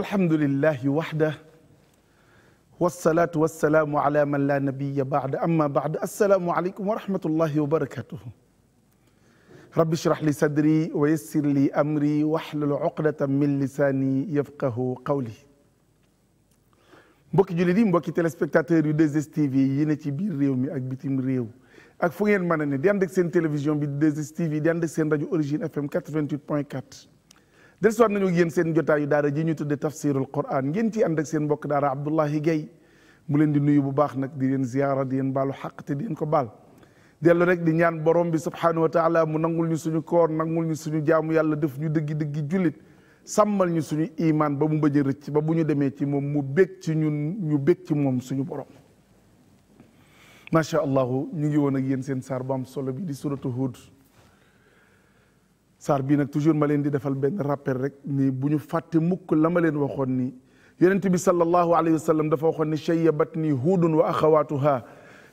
alhamdulillahi waxda wasalaatu wasalaamu ala man la nabiya baada amma baada assalaamu aleykum wa rahmatullahi wa barakatuhu rabbi shrah li sadri wa yassir li amri waxlul uqdatan min lisaani yafqahu qawli mbokki jullit yi mbokki téléspectateurs yu 2STV yi ne ci biir réew mi ak bitim réew ak fu ngeen mën a ne di ànd ak seen télévision bi 2STV di ànd ak seen rajo origine FM 88 point 4 del soit nañu yéen seen jotaayu daara ji ñu tudde tafsirul quran ngeen ci ànd ak seen mbokk daara Abdullahi Gaye mu leen di nuyu bu baax nag di leen ziyaara di leen baalu xaq te di leen ko baal dellu rek di ñaan borom bi subhanahu wa taala mu nangul ñu suñu koor nangul ñu suñu jaamu yàlla def ñu dëggi dëggi jullit sàmmal ñu suñu imaan ba mu bëj a rëcc ba bu ñu demee ci moom mu bég ci ñun ñu bég ci moom suñu borom macha allah ñu ngi woon ak yéen seen saar bu solo bi di suratu Hud saar bii nag toujours ma leen di defal benn rappel rek ni bu ñu fàtte mukk la ma leen waxoon ni yonent bi sallallahu alayhi wa sallam dafa waxoon ni shayyabat nii huudun wa axawaatuha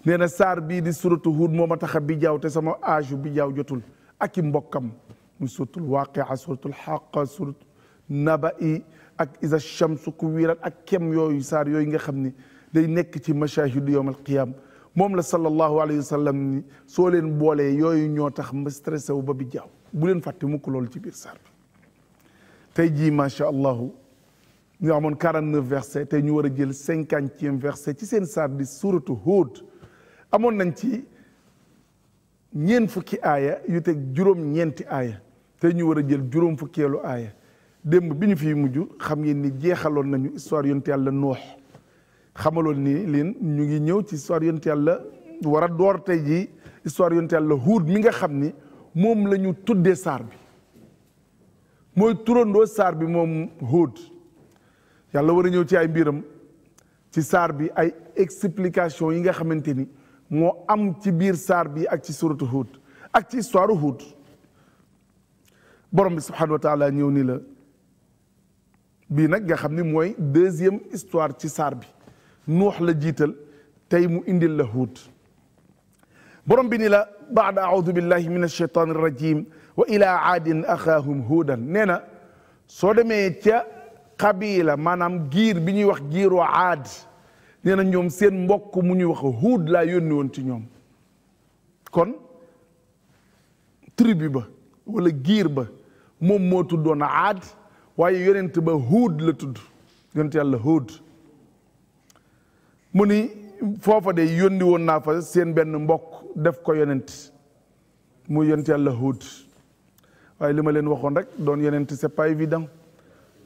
nee na saar bii di suratu huud moom a tax a bijaaw te sama âge bi bijaaw jotul ak i mbokkam muy suratul waaqia suratul xaqa suratu naba'i ak isa shamsu ku wiiral ak kem yooyu saar yooyu nga xam ni day nekk ci mashahidu yowm al qiyam moom la sallallahu alayhi wa sallam ni soo leen boolee yooyu ñoo tax ma stressé wu ba bijaaw bu leen fàtte mukk loolu ci biir saar bi tey jii macha allahu ñu amoon quarante neuf verset tey ñu war a jël cinquantième verset ci seen saar di suratu Hud amoon nañ ci ñeent fukki aaya yu teg juróom ñeenti aaya tey ñu war a jël juróom fukkeelu aaya démb bi ñu fi mujj xam ngeen ni jeexaloon nañu histoire yonent yàlla noox xamaloon nii leen ñu ngi ñëw ci histoire yonent yàlla war a door tey jii histoire yonent yàlla Hud mi nga xam ni moom lañu ñu tuddee saar bi mooy turandoo saar bi moom Huud yàlla war a ñëw ci ay mbiram ci saar bi ay explication yi nga xamante ni moo am ci biir saar bi ak ci suratu Huud ak ci histoire Huud borom bi subhanahu wa ñëw ni la bii nag nga xam ni mooy deuxième histoire ci saar bi nuux la jiital tey mu indil la Huud borom bi ni la baada aoudu billahi min alcheytan irrajim wa ila aadin axaahum huudan nee na soo demee ca xabiila maanaam giir bi ñuy wax giiru aad nee na ñoom seen mbokk mu ñuy wax huud la yónni woon ci ñoom kon tribu ba wala giir ba moom moo tuddoon aad waaye yonent ba huud la tudd yonent yàlla huud mu foofa de yónni woon naa fa seen benn mbokk def ko yonent muy yonent yàlla Huud waaye li ma leen waxoon rek doon yonent c'est pas évident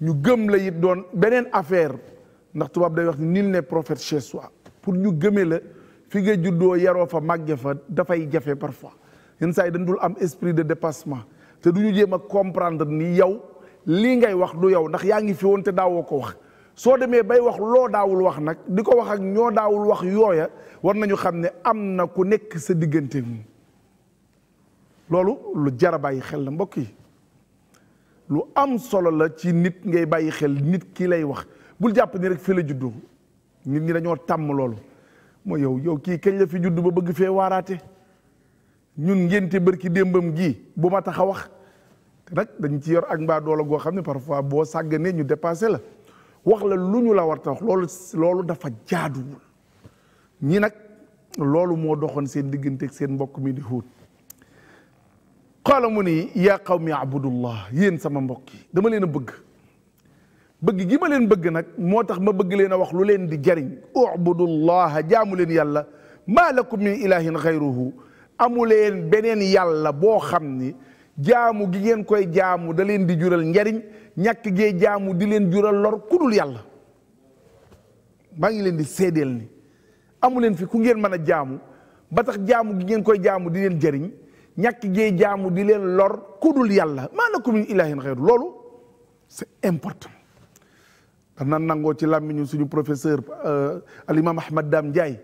ñu gëm la it doon beneen affaire ndax tubaab day wax nul n'est prophète chez soi pour ñu gëmee la fi ngay juddoo yaroo fa màgge fa dafay jafe parfois yenn saa yi dañ dul am esprit de dépassement te du ñu jéem a comprendre ni yow lii ngay wax du yow ndax yaa ngi fi woon te daawoo ko wax soo demee bay wax loo daawul wax nag di ko wax ak ñoo daawul wax yooya war nañu xam ne am na ku nekk sa diggante loolu lu jar a bàyyi xel la mbokk yi lu am solo la ci nit ngay bàyyi xel nit kii lay wax bul jàpp ni rek fii la juddu nit ñi dañoo tàmm loolu mooy yow yow kii kañ la fi juddu ba bëgg fee waaraate ñun ngénte bërki démbam gii bu ma tax a wax te nag dañ ci yor ak mbaa doole goo xam ne parfois boo sàgganee ñu dépassé la wax la lu ñu la war a wax loolu loolu dafa jaaduwul ñi nag loolu moo doxoon seen diggante ak seen mbokk mi di Huud qaala mu ni yaa qawmi abudullah yéen sama mbokk yi dama leen a bëgg bëgg gi ma leen bëgg nag moo tax ma bëgg leen a wax lu leen di jariñ ubudullaha jaamu leen yàlla maa lakum min ilahin xayruhu amu leen beneen yàlla boo xam ni jaamu gi ngeen koy jaamu da leen di jural njariñ ñàkk gee jaamu di leen jural lor ku dul yàlla maa ngi leen di seedeel ni amu leen fi ku ngeen mën a jaamu ba tax jaamu gi ngeen koy jaamu di leen jariñ ñàkk gee jaamu di leen lor ku dul yàlla maa lakum min ilaahin xayru loolu c'est important dana nangoo ci làmmiñu suñu professeur euh, alimam ahmad dam Ndiaye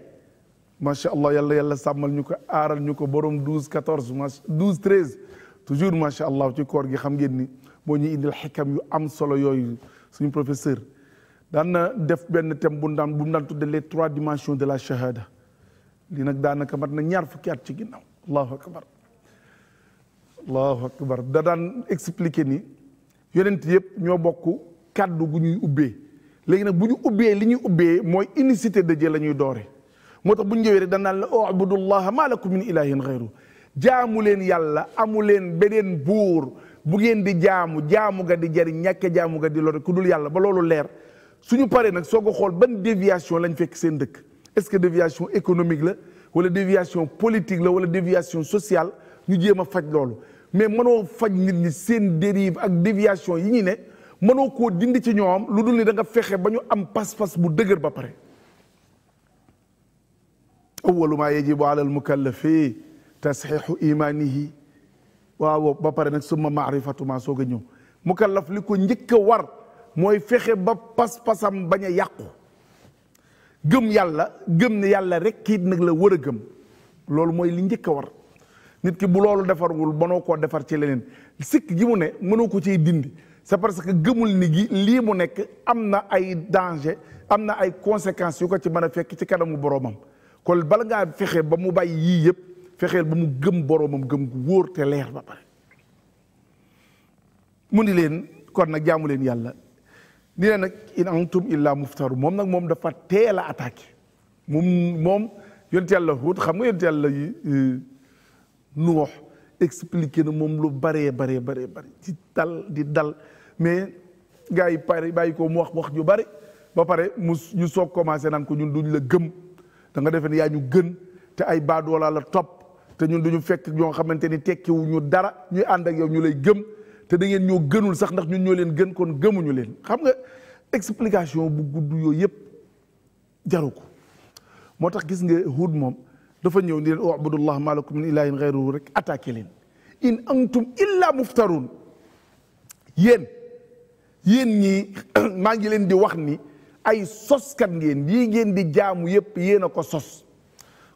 macha allah yàlla yàlla sàmmal ñu ko aaral ñu ko borom douze quatorze douze treize toujours macha allah ci koor gi xam ngeen ni moo ñuy indil xikam yu am solo yooyu suñu professeur daan na def benn thème bu daan bu mu daan tudde les trois dimensions de la shahada lii nag daanaka mat na ñaar fukki at ci ginnaaw allahu akbar allahu akbar da daan expliqué ni yonent yëpp ñoo bokk kàddu gu ñuy ubbee léegi nag bu ñu ubbee li ñuy ubbee mooy unicité de Dieu la ñuy doore moo tax bu ñu ñëwee rek danaan la ubudullaha ma lakum min ilahin ghayru jaamu leen yàlla amu leen beneen buur bu ngeen di jaamu jaamu nga di jariñ ñàkke jaamu nga di lor ku dul yàlla ba loolu leer suñu paree nag soo ko xool ban déviation lañ fekk seen dëkk est-ce que déviation économique la wala déviation politique la wala déviation sociale ñu jéem a faj loolu mais mënoo faj nit ñi seen dérive ak déviation yi ñu ne mënoo koo dindi ci ñoom lu dul ni danga nga fexe ba ñu am pas-pas bu dëgër ba pare awalu maa yajibu alal mukallafi tasxiixu imaanihi waaw ba pare nag summa maarifatuma soog a ñëw mu mukallaf li ko njëkk war mooy fexe ba pas-pasam bañ a yàqu gëm yàlla gëm ne yàlla rek kiit nag la war a gëm loolu mooy li njëkk a war nit ki bu loolu defarwul mënoo koo defar ci leneen sikk gi mu ne mënoo ko ci dindi c'est parce que gëmul ni gi lii mu nekk am na ay danger am na ay conséquences yu ko ci man a fekk ci kanamu boroomam kon bala ngaa fexe ba mu bàyyi yii fexeel ba mu gëm boroomam gëm gu wóor leer ba pare mu ni leen kon nag jaamu leen yàlla ni leen nag in antum illa muftaru moom nag moom dafa teel a attaqué moom moom yonent yàlla Huud xam nga yonent yàlla Nuux expliqué na moom lu baree baree baree bari ci dal di dal mais gars yi pare bàyyi ko mu wax wax ju bari ba pare mu ñu soog commencé naan ko ñun duñ la gëm danga nga defee yaa ñu gën te ay baadoola la topp te ñun duñu fekk ñoo xamante ni tekkiwu ñu dara ñuy ànd ak yow ñu lay gëm te da ngeen ñoo gënul sax ndax ñun ñoo leen gën koon gëmuñu leen xam nga explication bu gudd yooyu yëpp jaru ko moo tax gis nga Huud moom dafa ñëw ni leen ubudullah ma lakum min ilahin ghayruhu rek attaqué leen in antum illa muftaruun yéen yéen ñii maa ngi leen di wax ni ay soskat ngeen yii ngeen di jaamu yëpp yéen a ko sos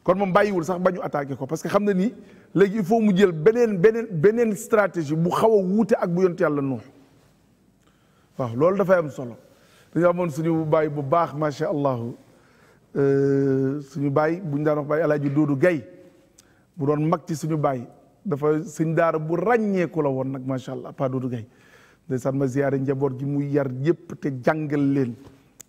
kon moom bàyyiwul sax ba ñu attaqué ko parce que xam na ni léegi il faut mu jël beneen beneen beneen stratégie bu xaw a wuute ak bu yonent yàlla nuux waaw loolu dafay am solo dañu amoon suñu baay bu baax macha allah euh, suñu baay bu ñu daan wax baay El Hadj Doudou bu doon mag ci suñu baay dafa suñ daar bu ràññeeku la woon nag macha allah Pa Doudou Gaye ndeysaan ma ziyaare njaboot ji muy yar yëpp te jàngal leen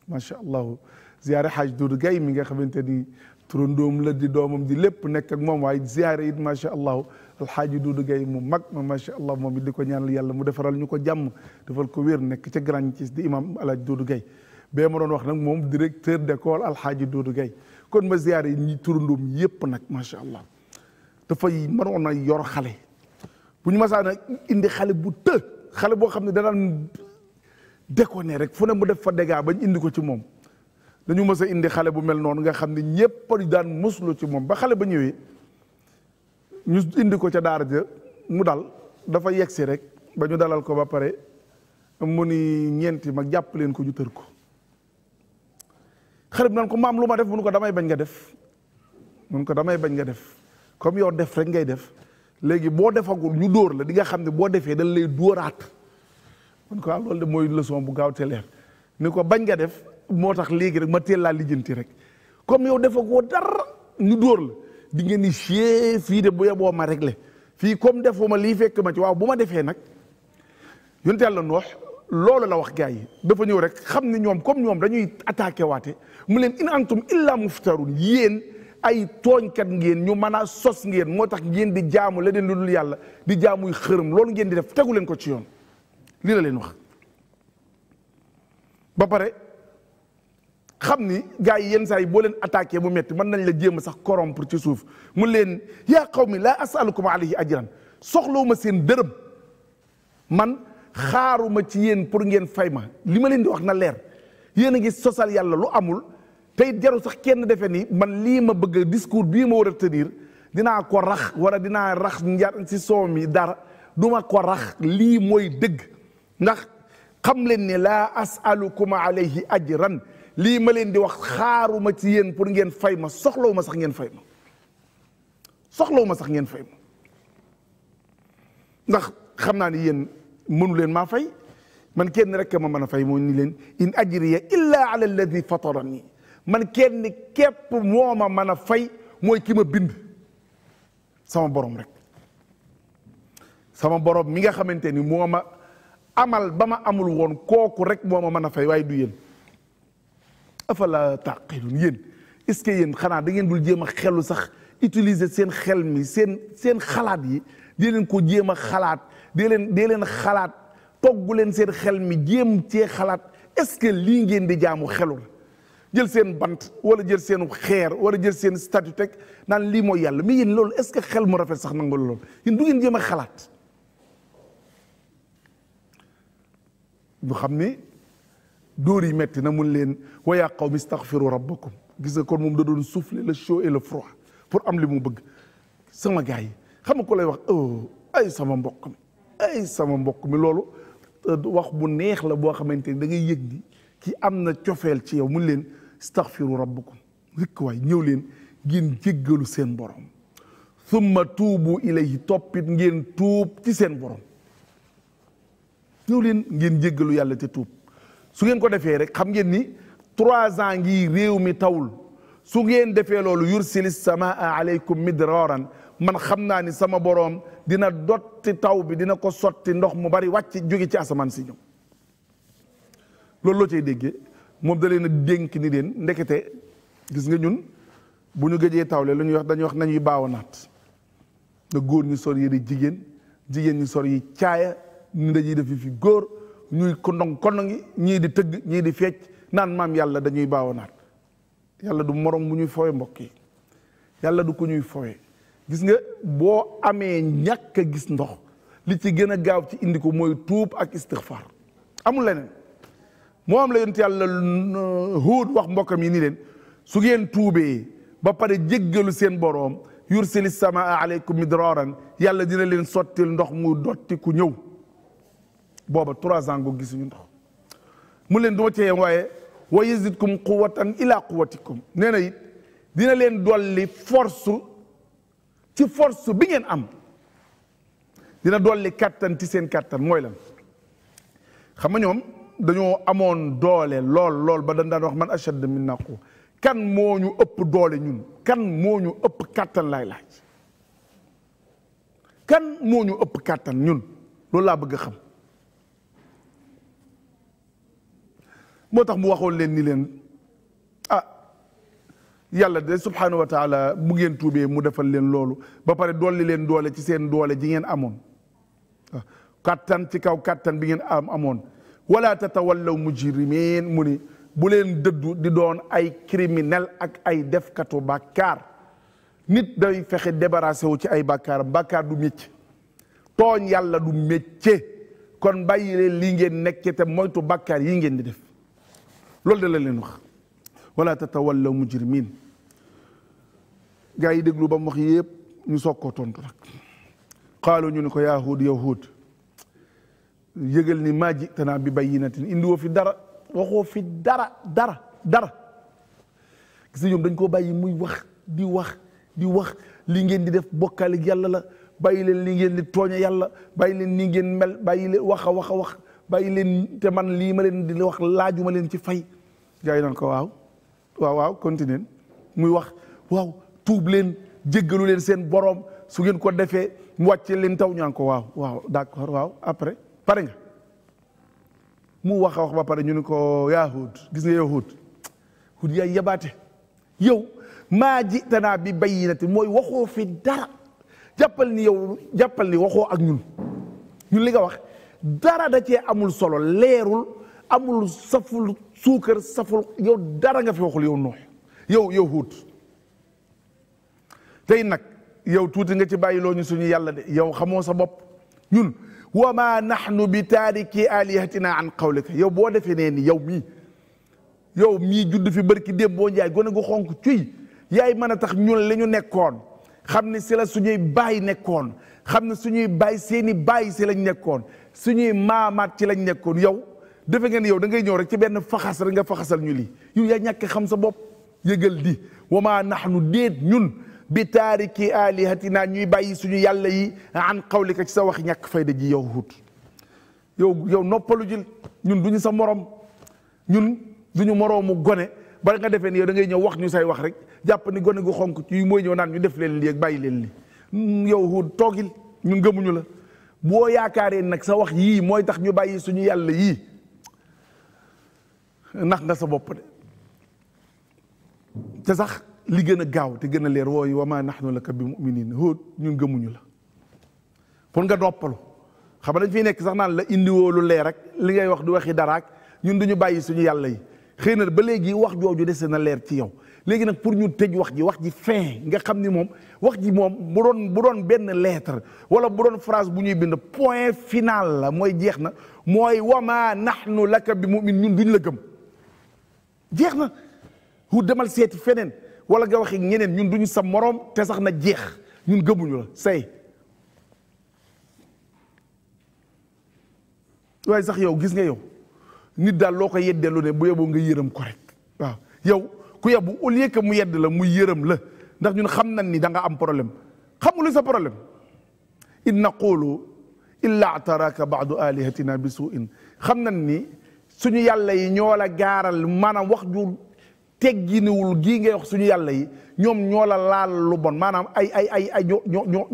macha allah ziyaare Hadj Doudou gay mi nga xamante ni. turandoom la di doomam di lépp nekk ak moom waaye ziyaare it macha allah alxaaji Duudu Gay mu mag ma macha allah moom it di ko ñaanal yàlla mu defaral ñu ko jàmm defal ko wér nekk ci Grand Thiès di imam alaaji Duudu Gay bee ma doon wax nag moom directeur d'école alxaaji Duudu Gay kon ma ziyaare yi ñi turandoom yépp nag macha allah dafay mënoon a yor xale bu ñu masaana indi xale bu të xale boo xam ne danaan déconné rek fu ne mu def fa dégaa bañ indi ko ci moom dañu mës a indi xale bu mel noonu nga xam ne ñëpp daan muslu ci moom ba xale ba ñëwee ñu indi ko ca daara ja mu dal dafa yegg si rek ba ñu dalal ko ba pare mu ni ñeenti mag jàpp leen ko ñu tër ko xale bi naan ko maam lu ma def mun ko damay bañ nga def mun ko damay bañ nga def comme yow def rek ngay def léegi boo defagul ñu dóor la di nga xam ne boo defee dañ lay dóoraat mun ko ah loolu de mooy leçon bu gaaw te leer ni ko bañ nga def moo tax léegi rek ma teel laa lijjanti rek comme yow dafa ko dara ñu dóor la di ngeen ni chie fii de bu yeboo ma le fii comme defuma lii fekk ma ci waaw bu ma defee nag yonent Yàlla Noox loolu la wax gars yi dafa ñëw rek xam ne ñoom comme ñoom dañuy attaqué waate mu leen in antum illa muftarun yéen ay tooñkat ngeen ñu mën a sos ngeen moo tax ngeen di jaamu leneen lu dul yàlla di jaamuy xërëm loolu ngeen di def tegu leen ko ci yoon lii la leen wax xam ni gars yi yenn saa yi boo leen attaqué mu metti mën nañ la jéem a sax pour ci suuf mu leen yaa qawmi laa asalukum alayhi ajran soxlawuma seen dërëm man xaaruma ci yéen pour ngeen fay ma li ma leen di wax na leer yéen a ngi sosal yàlla lu amul tey jaru sax kenn defe ni man lii ma bëgg discours bii ma war a tenir dinaa ko rax wala dinaa rax njar si soom yi dara duma ko rax lii mooy dëgg ndax xam leen ne laa asalukum alayhi ajran lii ma leen di wax xaaruma ci yéen pour ngeen fay ma soxlawu ma sax ngeen fay ma soxlawu ma sax ngeen fay ma ndax xam naa ni yéen mënu leen ma fay man kenn rek ma mën a fay moo ni leen in ajriya illa ala alladi fatarani man kenn képp moo ma mën a fay mooy ki ma bind sama borom rek sama borom mi nga xamante ni moo ma amal ba ma amul woon kooku rek moo ma mën a fay waaye du yéen afala taqilun yéen est-ce que yéen xanaa da ngeen dul jéem a xelu sax utiliser seen xel mi seen seen xalaat yi dee leen ko jéem a xalaat dee leen dee leen xalaat togg leen seen xel mi jéem cee xalaat est-ce que lii ngeen di jaamu xelul jël seen bant wala jël seen xeer wala jël seen statut teg naan lii mooy yàlla mais yéen loolu est-ce que xel mu rafet sax nangu loolu yéen du ngeen jéem a xalaat ñu xam ni dóor yi metti na mun leen wa yaa qawmi istaghfiru rabbakum gis nga kon moom da doon souffler le chaud et le pour am li mu bëgg sama gars yi xam nga ko lay wax oh ay sama mbokk mi ay sama mbokk mi loolu euh, wax bu neex la boo xamante ni da ngay yëg ni ki am na cofeel ci yow mun leen istaghfiru rabbakum rikk waay ñëw leen ngeen jéggalu seen borom thumma tuubu ilayhi toppit ngeen tuub ci seen borom ñëw leen ngeen jéggalu yàlla te tuub su ngeen ko defee rek xam ngeen ni trois ans ngi réew mi tawul su ngeen defee loolu yursilis samaa aleykum midraaran man xam naa ni sama boroom dina dotti taw bi dina ko sotti ndox mu bari wàcc jóge ci asamaan si ñoom loolu loo cay déggee moom da na a dénk ni leen ndekete gis nga ñun bu ñu gëjee tawle lu ñuy wax dañuy wax nañuy baaw naat na góor ñi sor yére jigéen jigéen ñi sor yi caaya ñu dañuy def fi góor ñuy kondong kondongi ñii di tëgg ñii di fecc naan maam yàlla dañuy baawanaat yàlla du morom bu ñuy fooye mbokk yi yàlla du ko ñuy fooye gis nga boo amee ñàkk a gis ndox li ci gën a gaaw ci indi ko mooy tuub ak istixfaar amul leneen moom la yonent yàlla euh, Huud wax mbokkam yi ni leen su ngeen tuubee ba pare jéggalu seen boroom yursili samaa aleykum midraaran yàlla dina leen sottil ndox mu dotti ku ñëw booba trois ans go gisuñu ndox mu leen duma cee waaye wa yazidkum quwwatan ila quwwatikum nee na dina leen dolli force ci force bi ngeen am dina dolli kàttan ti seen kàttan mooy lan xam nga dañoo amoon doole lool lool ba dañ daan wax man ashad minna quwwa kan moo ñu ëpp doole ñun kan moo ñu ëpp kàttan laay laaj kan moo ñu ëpp kàttan ñun loolu laa bëgg a xam moo tax mu waxoon leen ni leen a ah, yàlla de subhanahu mu taala ngeen tuubee mu defal leen loolu ba pare dolli leen doole ci seen doole ji amoon ah, kattan ci kaw kattan bi ngeen am amoon wala tatawallaw mujrimin mu ni bu leen dëddu di doon ay criminel ak ay defkatu bàkkaar nit day fexe débarrassé wu ci ay bàkkaaram bàkkaar du métier tooñ yàlla du métier kon bàyyi leen lii ngeen nekke te moytu bàkkaar yi ngeen di def loolu de la leen wax wala tatawallaw mujrimin gaa yi déglu ba mu wax yépp ñu soog koo tontu nag qaalu ñu ni ko yahud yahud yëgal ni maa jitanaa bi bayyinatin indiwoo fi dara waxoo fi dara dara dara gis ñoom dañ koo bàyyi muy wax di wax di wax lii ngeen di def bokkaale yàlla la bàyyi leen li ngeen di tooña yàlla bàyyi leen ni ngeen mel bàyyi leen wax a wax a wax bàyyi leen te man lii ma leen di wax ma leen ci fay gars yi ko waaw waaw waaw continue muy wax waaw tuub leen jéggalu leen seen borom su ngeen ko defee mu wàccee leen taw ñaan ko waaw waaw d'accord waaw après pare nga mu wax a wax ba pare ñu ne ko yaa Huud gis nga yow Huud Huud yaa yabaate yow maa ji tanaa bi bayyinati mooy waxoo fi dara jàppal ni yow jàppal ni waxoo ak ñun ñun li nga wax dara da cee amul solo leerul amul saful suukar saful yow dara nga fi waxul yow nuux yow yow huut tey nag yow tuuti nga ci bàyyiloo ñu suñu yàlla de yow xamoo sa bopp ñun wa ma nahnu bi taariki alihatina an qawlika yow boo defee nee ni yow mii yow mii judd fi barki démb boo njaay gone gu xonk cuy yaay mën a tax ñun li ñu nekkoon xam ni sila suñuy baay nekkoon xam ne suñuy baay seeni baay si lañ nekkoon suñuy maamaat ci lañ nekkoon yow defe ngeen yow da ngay ñëw rek ci benn faxas rek nga faxasal ñu li yow yaa ñàkk xam sa bopp yëgal di wama nahnu déet ñun bi taariki alihatina ñuy bàyyi suñu yàlla yi an qawlika ci sa wax ñàkk fayda ji yow hut yow yow noppalu jil ñun duñu sa morom ñun duñu moroomu gone bari nga defee ni yow da ngay ñëw wax ñu say wax rek jàpp ni gone gu xonk ci mooy ñëw naan ñu def leen lii ak bàyyi leen li Mm, yow toogil ñu gëmuñu la boo yaakaaree nag sa wax yii mooy tax ñu bàyyi suñu yàlla yii nax nga sa bopp de te sax li gën a gaaw te gën a leer wooyu wamaa maa nahnu laka bi mu'minin hóot ñu gëmuñu la pour nga doppalu xam dañ fiy nekk sax naan la indiwoo lu leer rek li ngay wax du waxi daraak ñun duñu bàyyi suñu yàlla yi xëy na ba léegi wax jooju dese na leer ci yow léegi nag pour ñun tëj wax ji wax ji fin nga xam ni moom wax ji moom bu doon benn leetre wala bu doon phrase bu ñuy bind point final la mooy jeex na mooy nax nahnu laka bi mumin ñun duñ la gëm jeex na hu demal seeti feneen wala nga waxi ñeneen ñun duñu sa moroom te sax na jeex ñun gëmuñu la say waaye sax yow gis nga yow nit daal loo ko yeddeelu ne bu yeboo nga yërëm ko waaw yow ku yebu au lieu que mu yedd la muy yërëm la ndax ñun xam nañ ni danga nga am problème xamul sa problème in naqulu illa ataraka baadu alihatina bi suin xam na ni suñu yàlla yi ñoo la gaaral maanaam wax jur ju tegginiwul gii ngay wax suñu yàlla yi ñoom ñoola la lu bon maanaam ay ay ay ay ñoo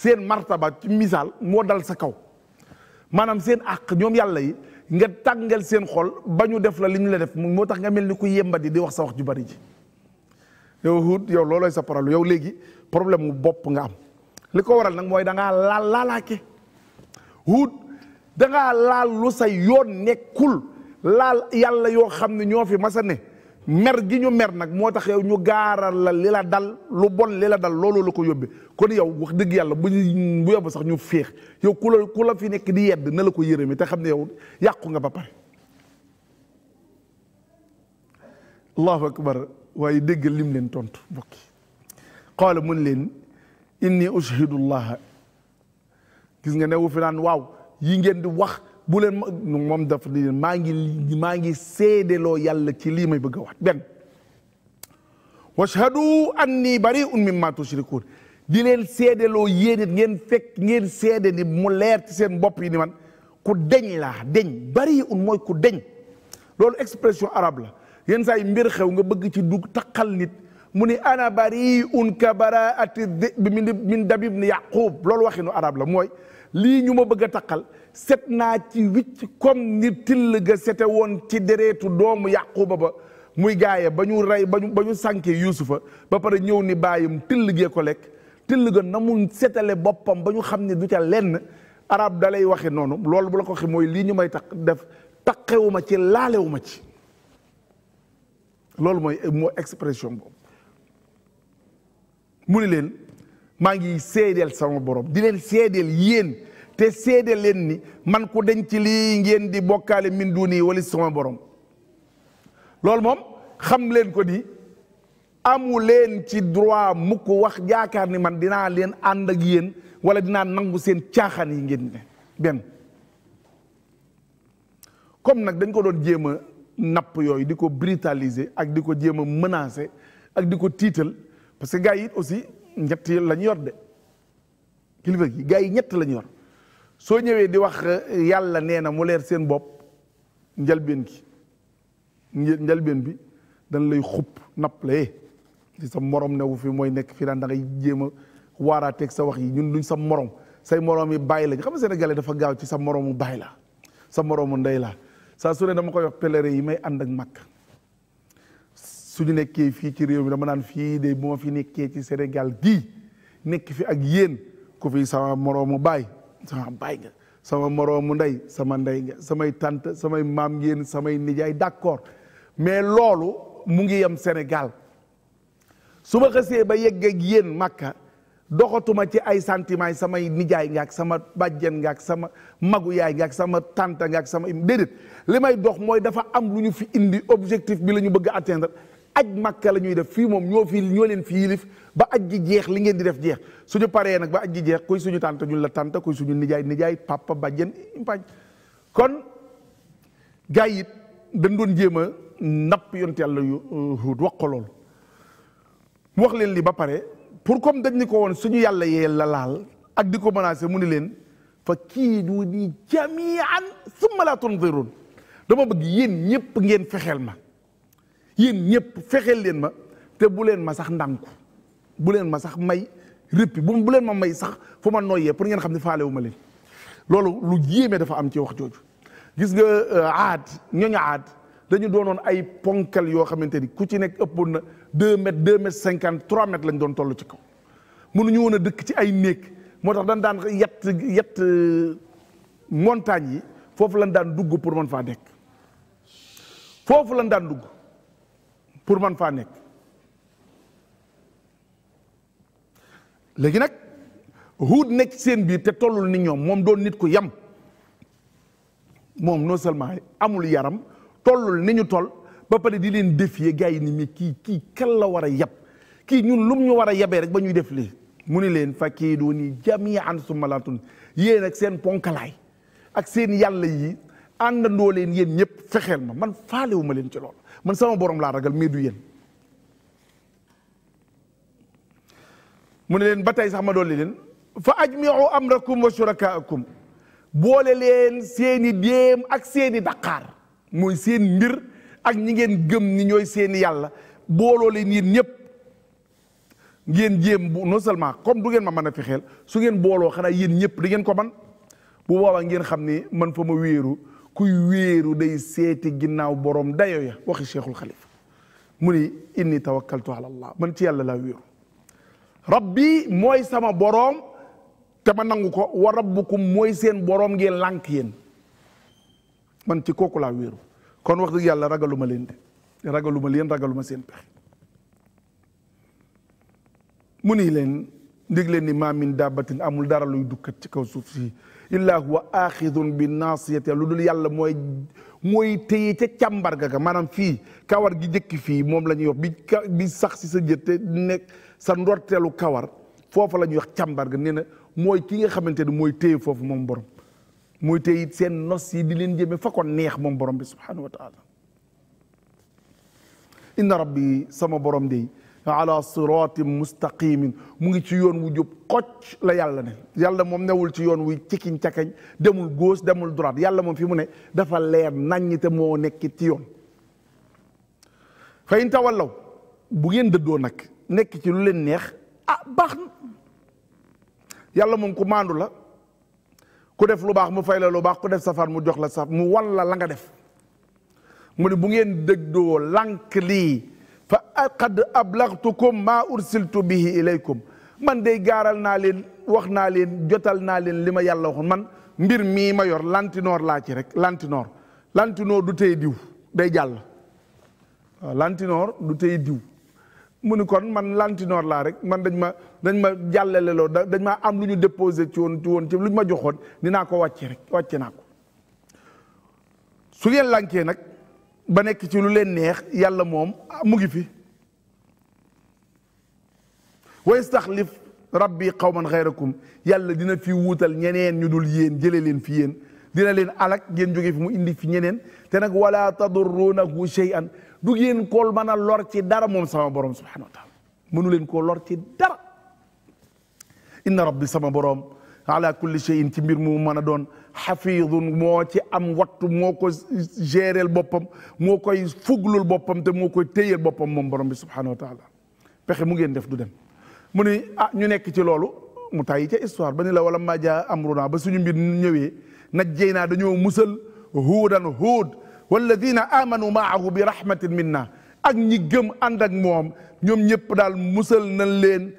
seen martaba ci misaal moo dal sa kaw maanaam seen àq ñoom yàlla nga tàngal seen xol ba ñu def la li ñu la def moo tax nga mel ni ku yi di wax sa wax ju bari ji yow Hud yow loolooy sa problème yow léegi problème mu bopp nga am li ko waral nag mooy da ngaa laal laalaake Hud da ngaa laal lu sa yoon nekkul laal yàlla yoo xam ne ñoo fi masa ne mer gi ñu mer nag moo tax yow ñu gaaral la li dal lu bon li la dal loolu la ko yóbbee kon yow wax dëgg yàlla bu ñu bu yóbbu sax ñu féex yow ku la ku la fi nekk di yedd na la ko mi te xam ne yow yàqu nga ba pare allahu akbar waaye dégg lim leen tontu bokki qaala mun leen inni ushidu llaha gis nga ne wu waaw yi ngeen di wax bu leen moom daf di maa ngi maa ngi séedeloo yàlla ci lii may bëgg wax benn washhadu anni bari'un mimma tushrikun di leen séedeloo yéen it ngeen fekk ngeen séede ni mu leer ci seen bopp yi ni man ku deñ laa deñ bari'un mooy ku deñ loolu expression arabe la yenn saa yi mbir xew nga bëgg ci dugg taqal nit mu ni ana bari'un ka at dhi'bi min dabib ni yaqub loolu waxinu arabe la mooy lii ñu ma bëgg a taqal set naa ci wicc comme ni till ga sete woon ci dereetu doomu yàquba ba muy gaaya ba ñu rey ba ñu ba sànkee yuusufa ba pare ñëw ni baayam till gee ko lekk till ga na mu setale boppam ba ñu xam ne du ca lenn arab dalay waxe noonu loolu bu la ko mooy lii ñu may tax def taqewuma ci laalewuma ci loolu mooy moo expression boobu mu ni leen maa ngi seedeel sama borom di leen seedeel yéen te seede leen ni man ku denc lii ngeen di bokkaale min duni wala sama borom loolu moom xam leen ko di amu ci droit mukk wax jaakaar ni man dinaa leen ànd ak yéen wala dinaa nangu seen caaxaan yi ngeen ne benn comme nag dañ ko doon jéem a napp yooyu di ko brutaliser ak di ko jéem a menacer ak di ko tiital parce que gars yi it aussi ñett la ñu yor de kilifa gi gars yi ñett la yor soo ñëwee di wax eh, yàlla nee na mu leer seen bopp njalbeen gi njalbeen bi dañ lay xupp napp la ci eh. sa morom newu fi mooy nekk fii daan da ngay a waaraateeg sa wax yi ñun duñ sa morom say morom yi bàyyi la ñu xam nga sénégalais dafa gaaw ci sa moromu bàyyi la sa moromu ndey la saa su ne yi may ànd mag suñu nekkee fii ci réew mi dama naan fii de bu ma fi nekkee ci Sénégal gii nekk fi ak yéen ku fi sama moroomu baay sama baay nga sama moroomu ndey sama ndey nga samay tante samay maam ngeen samay nijaay d'accord mais loolu mu ngi yem Sénégal su ma xësee ba yegg yéen Makka doxatuma ci ay sentiment yi samay nijaay nga ak sama bàjjen nga ak sama magu yaay nga ak sama tante nga ak sama déedéet li may dox mooy dafa am lu ñu fi indi objectif bi lañu ñu bëgg a aj màkka la ñuy def fii moom ñoo fii ñoo leen fi yilif ba aj gi jeex li ngeen di def jeex suñu paree nag ba aj gi jeex kuy suñu tànt ñun la tànt kuy suñu nijaay nijaay papa bàjjen impañ kon gars yi it dañ doon jéem a napp yonte yu euh, wax mu wax leen li ba pare pour comme dañ ni ko woon suñu yàlla yee la laal ak di ko menacé mu ni leen fa kiidu ni jamian summa la tunzirun dama bëgg yéen ñëpp ngeen fexeel ma yéen ñëpp fexeel leen ma te bu leen ma sax ndànku bu leen ma sax may rëppi bu bu leen ma may sax fu ma noyyee pour ngeen xam ne faalewu ma leen loolu lu yéeme dafa am ci wax jooju gis nga euh, aad ñooñu aad dañu doonoon ay ponkal yoo xamante ni ku ci nekk ëppoon na deux mètres deux mètres cinquante trois mètres lañ doon tollu ci kaw nu ñu woon a dëkk ci ay néeg moo tax dañ daan yett yett euh, montagne yi foofu lañ daan dugg pour mën faa nekk foofu lañ daan dugg pour man faa nekk léegi nag Huud nekk seen biir te tollul ni ñoom moom doon nit ko yam moom non seulement amul yaram tollul ni ñu tol ba pare di leen défier gars yi ni mi kii kii kan la war a yab kii ñun lum ñu war a yabee rek ba ñuy def lii mu ni leen fakkee doo nii jami'an summa laa tun yéen ak seen ponkalaay ak seen yàlla yi àndandoo leen yéen ñëpp fexeel ma man faalewu ma leen ci lool man sama borom laa ragal mais du yéen mu ne leen ba tey sax ma dolli leen fa ajmiu amrakum wa shurakaakum boole leen seeni déem ak seeni daqaar mooy seen mbir ak ñi ngeen gëm ni ñooy seeni yàlla booloo leen yéen ñëpp ngeen jéem bu non seulement comme du ngeen ma mën a fexeel su ngeen booloo xanaa yéen ñëpp di ngeen ko man bu boobaa ngeen xam ni man fa ma wéeru kuy wéeru day seeti ginnaaw boroom dayo ya waxi cheikhul mu ni inni tawakkaltu ala man ci yàlla laa wéeru rabbi mooy sama boroom te ma nangu ko wa rabbukum mooy seen boroom ngeen lànk yéen man ci kooku laa wéeru kon wax dëgg yàlla ragaluma leen de ragaluma leen ragaluma seen pexe mu ni leen dégg leen ni maa min daabatin amul dara luy dukkat ci kaw suuf si illaa huwa aaxidun bi naasiyati lu dul yàlla mooy mooy téye ca càmbarga ga maanaam fii kawar gi jëkki fii moom la ñuy wax bi ka bi sax si sa jëtte nekk sa ndorteelu kawar foofa la ñuy wax càmbarga nee na mooy ki nga xamante ne mooy téye foofu moom borom mooy téye it seen nos yi di leen jëme fa ko neex moom borom bi subhanahu wa taala inna rabbi sama borom de ala siratin mustaqimin mu ngi ci yoon wu jub xocc yàlla ne yàlla moom newul ci yoon wu cikkiñ cakkañ demul gauche demul droite yàlla moom fi mu ne dafa leer naññ te moo nekk ci yoon fa bu ngeen dëddoo nag nekk ci lu leen neex ah yàlla moom ku maandu la ku def lu baax mu fay la lu baax ku def safar mu jox la saf mu walla la nga def mu ne bu ngeen dëddoo lànk lii fa qad ablagtukum maa ursiltu bihi ilaykum man dey gaaral naa leen wax naa leen jotal naa leen li ma yàlla waxoon man mbir mii ma yor lantinoor laa ci rek lantinoor lantinoor du tey diw day jàll lantinoor du tey diw mu ni kon man lantinoor laa rek man dañ ma dañ ma jàllale da dañ ma am lu ñu déposé ci woon ci woon ci lu ñu ma joxoon dinaa ko wàcce rek wàcce naa ko su ngeen lànkee nag ba nekk ci lu leen neex yàlla moom ah, mu ngi fi wa yastaxlif rabbi qawman xayrakum yàlla dina fi wuutal ñeneen ñu dul yéen jële leen fi yéen dina leen alak ngeen jóge fi mu indi fi ñeneen te nag wala tadurrunahu shay'an du ngeen kool mën a lor ci dara moom sama borom subhanahu wa taala mënu leen koo lor ci dara inna rabbi sama borom ala kulli shay'in ci mbir mu mën a doon xafiidun moo ci am wattu moo ko géréel boppam moo koy fuglul boppam te moo ko téyeel boppam moom borom bi subhanahu wa pexe mu ngeen def du dem mu ni ah ñu nekk ci loolu mu tàyyi ca histoire ba ni la wala maa jaa amruna ba suñu mbir ñëwee najjey naa dañoo musal huudan huud walladina amanu maahu bi rahmatin minna ak ñi gëm ànd ak moom ñoom ñëpp daal musal na leen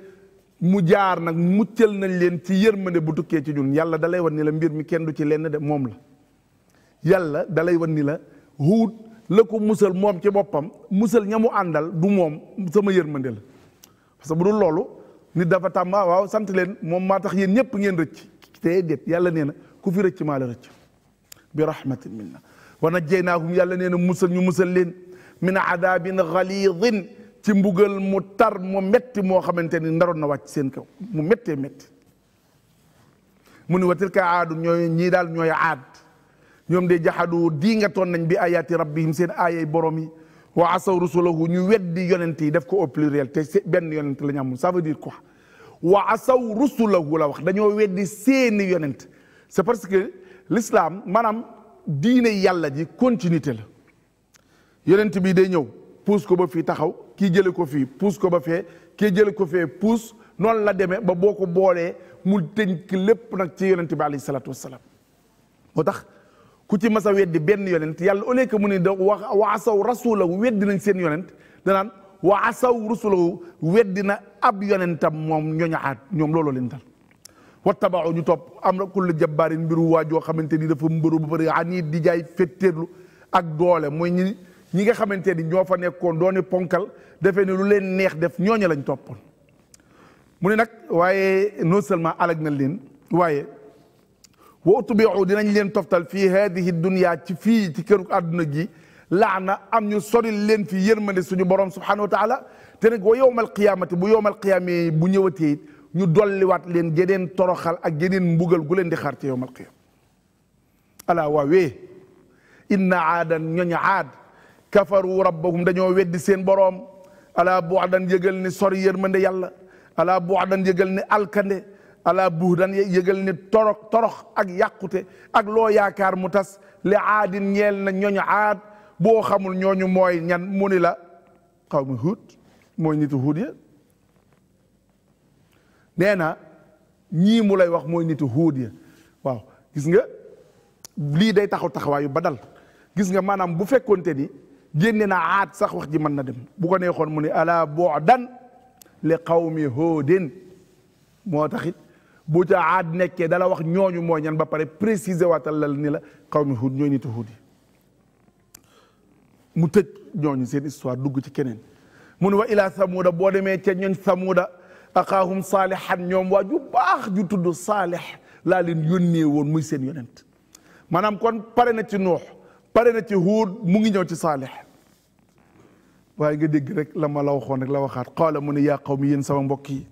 mu jaar nag mu muccal nañ leen ci yërmande bu tukkee ci ñun yàlla dalay wan ni la mbir mi kenn du ci lenn de moom la yàlla dalay wan ni la huut la ko musal moom ci boppam musal ñamu àndal du moom sama yërmande la parce bu dul loolu nit dafa tàmm ah, waaw sant leen moom maa tax yéen ñëpp ngeen rëcc te déet yàlla nee na ku fi rëcc maa la rëcc bi rahmatin minna wa najjaynaahum yàlla nee musal ñu musal leen min adaabin ghalidin ci mbugal mu tar mu metti moo xamante ni ndaroon na wàcc seen kaw mu méttee métti mu ni watil aadu ñooy ñii daal ñooy aad ñoom de jaxadu diingatoon nañ bi ayaati rabbihim seen aayay borom yi wa asaw rusulahu ñu weddi yonent yi def ko au pluriel te benn yonent la ñu amul ça veut dire wa asaw rusulahu la wax dañoo weddi seeni yonent c'est parce que lislaam maanaam diine yàlla ji continuité la yonent bi day ñëw puus ko ba fii taxaw kii jële ko fii puus ko ba fee kii jële ko fee puus noonu la demee ba boo ko boolee mu ki lépp nag ci yonent bi alayhi salaatu wasalaam tax ku ci mas a weddi benn yonent yàlla au lieu que mu ne da wa asaw rasulahu weddi nañ seen yonent danaan wa asaw rasulahu weddi na ab yonentam moom ñooñu aat ñoom looloo leen dal wattabaaw ñu topp am na kulli jabbaarin mbiru waajoo xamante ni dafa mbëru ba pare aniit di jaay fetteerlu ak doole mooy ñi nga xamante ni ñoo fa nekkoon dooni ponkal defee ne lu leen neex def ñooñu lañ toppoon mu ne nag waaye non seulement alag na leen waaye wa utbiu dinañ leen toftal fii hadihi dunya ci fii ci këru àdduna gi laana am ñu sori leen fi yërmande suñu borom subhanahu wa taala te nag wa yowmal qiyaamati bu yowmal qiyaame bu ñëwatee it ñu dolliwaat leen geneen toroxal ak geneen mbugal gu leen di xaar ci yowmal qiyaam ala waawee inna aadan ñoñ aad kafaru rabbahum dañoo weddi seen boroom alaa bu'dan yëgal ni sori yërmande yàlla alaa bu'dan yëgal ni alkande alaa buhdan yëgal ni torox torox ak yàqute ak loo yaakaar mu tas li aadin ñeel na ñooñu aad boo xamul ñooñu mooy ñan mu ni la xawmi huud mooy nitu huud ya nee na ñii mu lay wax mooy nitu huud ya waaw gis nga lii day taxaw taxawaayu badal gis nga maanaam bu fekkonte ni génne na aad sax wax ji mën na dem bu ko neexoon mu ne ala bu'dan li qawmi Huudin moo taxit bu ca aad nekkee dala wax ñooñu mooy ñan ba pare préciser waatal la ni la qawmi Huud ñooy nitu Huud yi mu tëj ñooñu seen histoire dugg ci keneen mu ne wax ila samuuda boo demee ca ñooñ samuuda aqaahum saalihan ñoom waa ju baax ju tudd saalih laa leen yónnee woon muy seen yonent maanaam kon pare na ci nuux pare na ci huud mu ngi ñëw ci saalih waaye nga dégg rek la ma la waxoon rek la waxaat qaala mu ne yaa qawmi yéen sama mbokk yi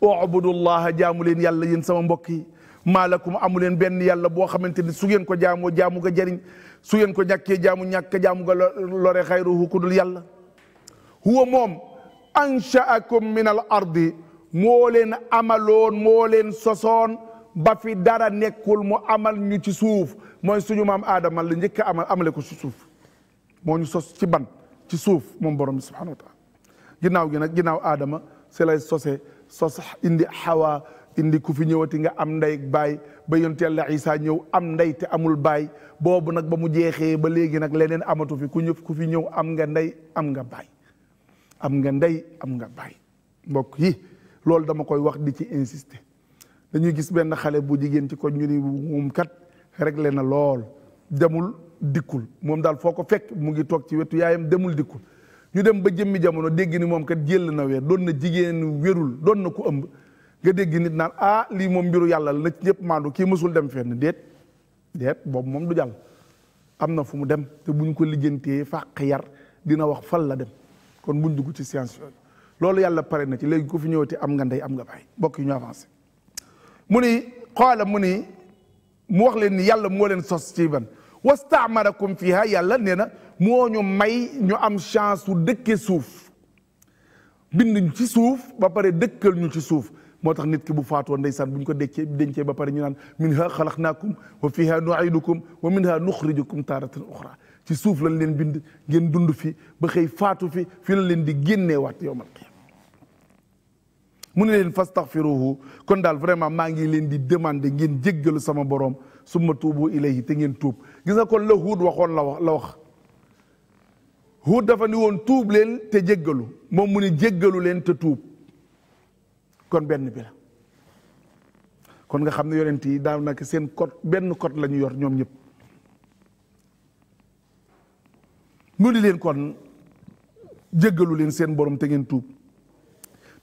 ubudullaha jaamu leen yàlla yéen sama mbokk yi maa lakum amu leen benn yàlla boo xamante ni su ngeen ko jaamoo jaamu nga jariñ su ngeen ko ñàkkee jaamu ñàkk jaamu nga lore xayruhu ku dul yàlla huwa moom anshaakum min al ardi moo leen amaloon moo leen sosoon ba fi dara nekkul mu amal ñu ci suuf mooy suñu maam aadama la njëkk amal amale ko ci suuf moo ñu sos ci ban ci suuf moom borom bi subhanahu wa taala ginnaaw gi nag ginnaaw aadama si lay sose sos indi xawa indi ku fi ñëwati nga am ndey baay ba yonent yàlla Isaa ñëw am ndey te amul baay boobu nag ba mu jeexee ba léegi nag leneen amatu fi ku ñëw ku fi ñëw am nga ndey am nga baay am nga ndey am nga baay mbokk yi loolu dama koy wax di ci insister dañuy gis benn xale bu jigéen ci ko ñu moom kat réglé na lool demul dikkul moom daal foo ko fekk mu ngi toog ci wetu yaayam demul dikkul ñu dem ba jëmmi jamono dégg ni moom kat jël na weer doon na jigéen wérul doon na ko ëmb nga dégg nit naan ah lii moom mbiru yàlla la ñëpp maandu kii mësul dem fenn déet déet boobu moom du jàll am na fu mu dem te ko lijjantee fàq yar dina wax fal la dem kon buñ dugg ci science loolu yàlla pare na ci léegi ku fi ñëwati am nga ndey am nga baay bokk yi ñu avancé mu ni xoola mu ni mu wax leen yàlla moo leen sos ci wastaamarakum fiha yàlla nee na moo ñu may ñu am chance su dëkkee suuf binduñ ci suuf ba pare dëkkal ñu ci suuf moo tax nit ki bu faatoo ndeysaan bu ñu ko dencee dencee ba pare ñu naan minha xalaqnaakum wa fiha nuidukum wa minha nuxrijukum taaratan uxra ci suuf lañ leen bind ngeen dund fi ba xëy faatu fi fi la leen di génneewaat yowmal qiyaama mu ne leen fastaxfiruhu kon daal vraiment maa ngi leen di demander ngeen jéggalu sama boroom summa tuubu ilayhi te ngeen tuub gis nga kon la huud waxoon la wax la wax huud dafa ni woon tuub leen te jéggalu moom mu ni jéggalu leen te tuub kon benn bi la kon nga xam ne yonent yi daaw nag seen code benn kot la ñu yor ñoom ñëpp mu di leen kon jéggalu leen seen borom te ngeen tuub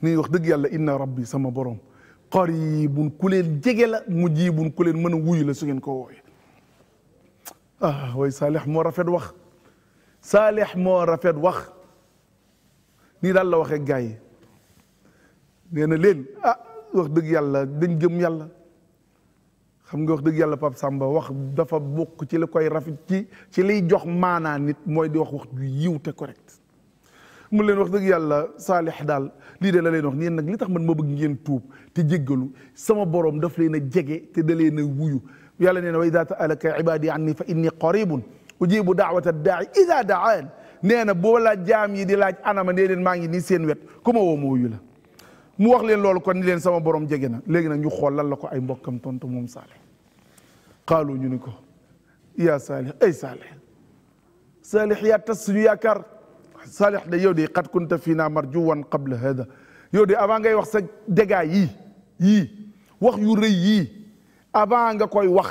ni wax dëgg yàlla inna rabbi sama borom qaribun ku leen jege la mujibun ku leen mën a wuyu la su ngeen ko wooyee ah way Saalix moo rafet wax Saalix moo rafet wax nii daal la waxee gaa yi na leen ah wax dëgg yàlla dañ gëm yàlla xam nga wax dëgg yàlla Pape sàmba wax dafa bokk ci li koy rafet ci ci liy jox maanaa nit mooy di wax wax ju yiw te correct mun leen wax dëgg yàlla saalix daal lii de la leen wax nii nag li tax man ma bëgg ngeen tuub te jéggalu sama borom daf leen a jege te da leen a wuyu yàlla nee na wa idaa ta'alaka ibaadi anni fa inni qaribun ujibu daawata daai idaa daan nee na boo la jaam yi di laaj anama nee leen maa ngi nii seen wet ku ma woo ma wuyu la mu wax leen loolu kon ni leen sama borom jege na léegi nag ñu xool lan la ko ay mbokkam moom saalix ñu ni ko ay saalix saalix yaa tas suñu yaakaar Salih de yow de xat kunta fii naa marjuwan qabla hada yow de avant ngay wax sa dégâts yii yii wax yu rëy yii avant nga koy wax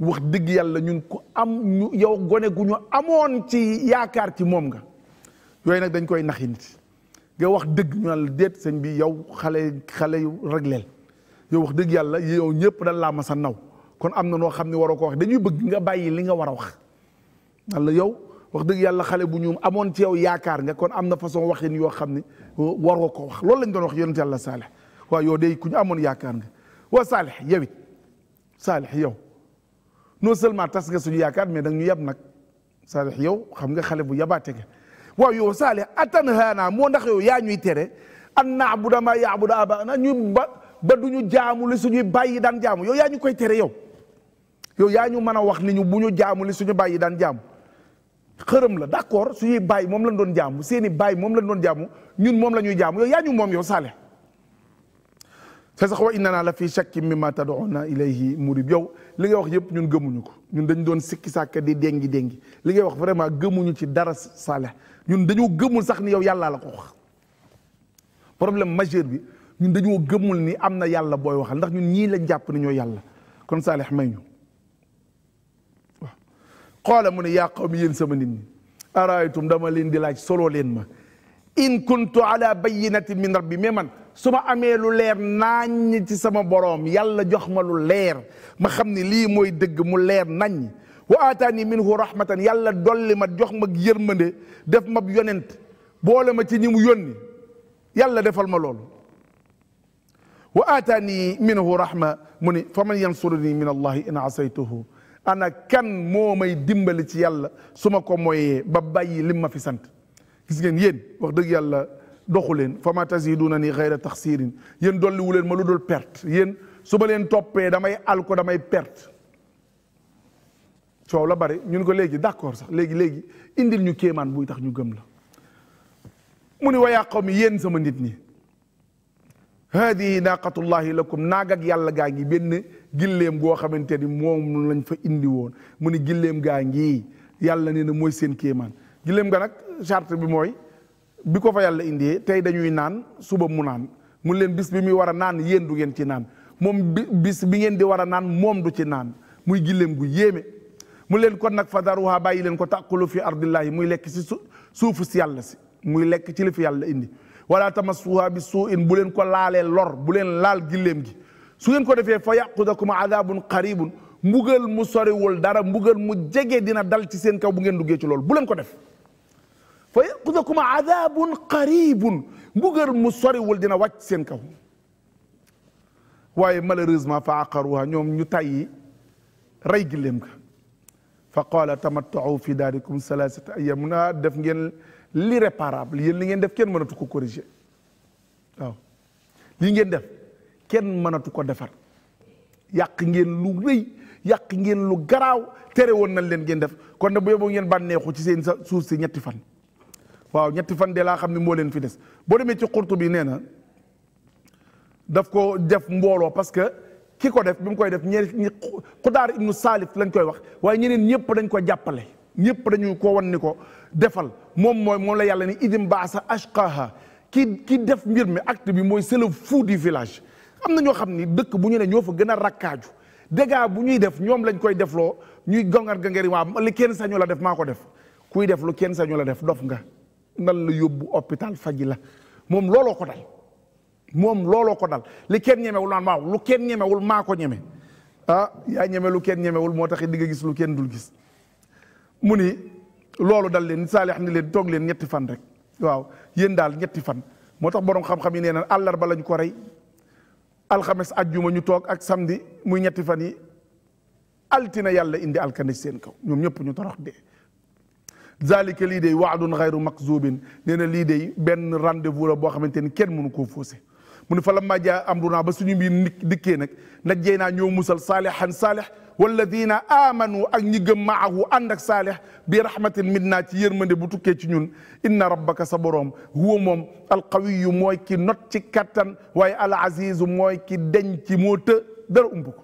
wax dëgg yàlla ñun ku am yow gone gu amoon ci yaakaar ci moom nga yooyu nag dañ koy naxi nga wax dëgg ñu naan sëñ bi yow xale xale yu regleel yow wax dëgg yàlla yow ñëpp dañ laa mas a naw kon am na noo xam ne waroo ko wax dañuy bëgg nga bàyyi li nga war a wax. walla yow wax dëgg yàlla xale bu ñu amoon ci yow yaakaar nga kon am na façon waxin yoo xam ni euh, waroo ko wax loolu lañ doon wax yonent yàlla Saalix waaw yow day ku ñu amoon yaakaar nga waa Saalix yow it Saalix yow non seulement tas nga suñu yaakaar mais dang ñu yab nag Saalix yow xam nga xale bu yabaate nga waaw yow Saalix atanhaanaa moo ndax yow yaa ñuy tere an naabuda maa yaabuda abaana ñu ba ba du ñu jaamu li suñuy bàyyi daan jaamu yow yaa ñu koy tere yow yow yaa ñu mën a wax ni ñu bu ñu jaamu li suñu bàyyi daan jaamu xërëm la d'accord suñuy baay moom lañ doon jaamu seeni baay moom lañ doon jaamu ñun moom la ñuy jaamu yow yaa ñu moom yow Saleh te sax wa innana la fi shakkin mimma tad'una ilayhi murib yow li ngay wax yëpp ñun gëmuñu ko ñun dañu doon sikki sàkk di déngi déngi li ngay wax vraiment gëmuñu ci dara Saleh ñun dañoo gëmul sax ni yow yàllaa la ko wax problème majeur bi ñun dañoo gëmul ni am na yàlla booy waxal ndax ñun ñii lañ jàpp ni ñoo yàlla kon Saleh may ñu xoola mu ne yaa qawmi yéen sama nit ñi araaytum dama leen di laaj soloo leen ma in kuntu ala bayyinati min rabbi mais man su ma amee lu leer naññ ci sama boroom yàlla jox ma lu leer ma xam ne lii mooy dëgg mu leer naññ wa aataani minhu rahmatan yàlla dolli ma jox ma yërmande def ma yonent boole ma ci ñi mu yónni yàlla defal ma loolu wa aataani minhu rahma mu ni fa man yansuruni min allahi in asaytuhu ana kan moo may dimbali ci yàlla su ma ko moyee ba bàyyi lim ma fi sant gis ngeen yéen wax dëgg yàlla doxu leen fa ma tasiduuna ni xayra taxsirin yéen dolliwu leen ma lu dool pert yéen su ma leen toppee damay al damay pert coow la bari ñun ko léegi d'accord sax léegi léegi indil ñu kéemaan buy tax ñu gëm la mu ni wayaa qawmi yéen sama nit ñi haadihi naaqatullahi lakum naag ak yàlla gaa ngi benn gilleem goo xamante ni moom lañ fa indi woon mu ni gilleem gaa ngi yàlla nee na mooy seen kéemaan gilleem ga nag charte bi mooy bi ko fa yàlla indee tey dañuy naan suba mu naan mu leen bis bi muy war a naan yéen du ngeen ci naan moom bis bi ngeen di war a naan moom du ci naan muy gilleem gu yéeme mu leen kon nag fa fadaruha bàyyi leen ko tàqulu fi ardillahi muy lekk ci suufu si yàlla si muy lekk ci li fi yàlla indi wala tamasuha bi suu in bu leen ko laalee lor bu leen laal gilleem gi su ngeen ko defee fa yaqudakum adabun qaribun mbugal mu soriwul dara mu mbugal mu jege dina dal ci seen kaw bu ngeen duggee ci loolu bu leen ko def fa yaqudakum adabun qaribun mbugal mu soriwul dina wàcc seen kaw waaye malheureusement fa aqaruha ñoom ñu tàyyi rey giléem ga fa qaala tamattau fi daarikum salaasata ayyam mun naa ah, def ngeen l'irréparable yéen li ngeen def kenn mënatu ko corriger waaw li ngeen def kenn mënatu ko defar yàq ngeen lu rëy yàq ngeen lu garaaw tere woon nañ leen geen def kon nag bu boo ngeen bànneexu ci seen sa suuf si ñetti fan waaw ñetti fan de laa xam ne moo leen fi des boo demee ci xurtu bi nee na daf ko def mbooloo parce que ki ko def bi koy def ñe xudaar ibnu saalif lañ koy wax waaye ñeneen ñëpp dañ ko jàppale ñëpp dañu ko wan ko defal moom mooy moom la yàlla ni idim baasa ashqaha ki ki def mbir mi act bi mooy c'est le fou du village am na ñoo xam ni dëkk bu ñu ne ñoo fa gën a rakkaaju dégâts bu ñuy def ñoom lañ koy defloo ñuy gangar gangari waa li kenn sañu la def maa ko def kuy def lu kenn sañu la def dof nga nan la yóbbu hôpital faji la moom looloo ko dal moom looloo ko dal li kenn ñemewul naan waaw lu kenn ñemewul maa ko ñeme ah yaa ñeme lu kenn ñemewul moo tax di nga gis lu kenn dul gis mu ni loolu dal leen saalix ni leen toog leen ñetti fan rek waaw yéen daal ñetti fan moo tax borom xam-xam yi nee na àllarba lañ ko rey alxames ajjuma ñu toog ak samedi muy ñetti fan yi altina yàlla indi alkande seen kaw ñoom ñëpp ñu torox dee zalika lii dey waadun xayru makzubin nee na lii dey benn rendez-vous boo xamante ni kenn mënu koo faussé munu ne fa lamma jaa amruna ba suñu mbir dikkee nag nag jey naa ñoo musal saalihan saalih walladina amanu ak ñi gëm maahu ànd ak saalih bi rahmatin minna ci yërmande bu tukkee ci ñun inna rabbaka sa boroom huwa moom alqawiyu mooy ki not ci kattan waaye al azizu mooy ki deñ ci moo të dara umb ko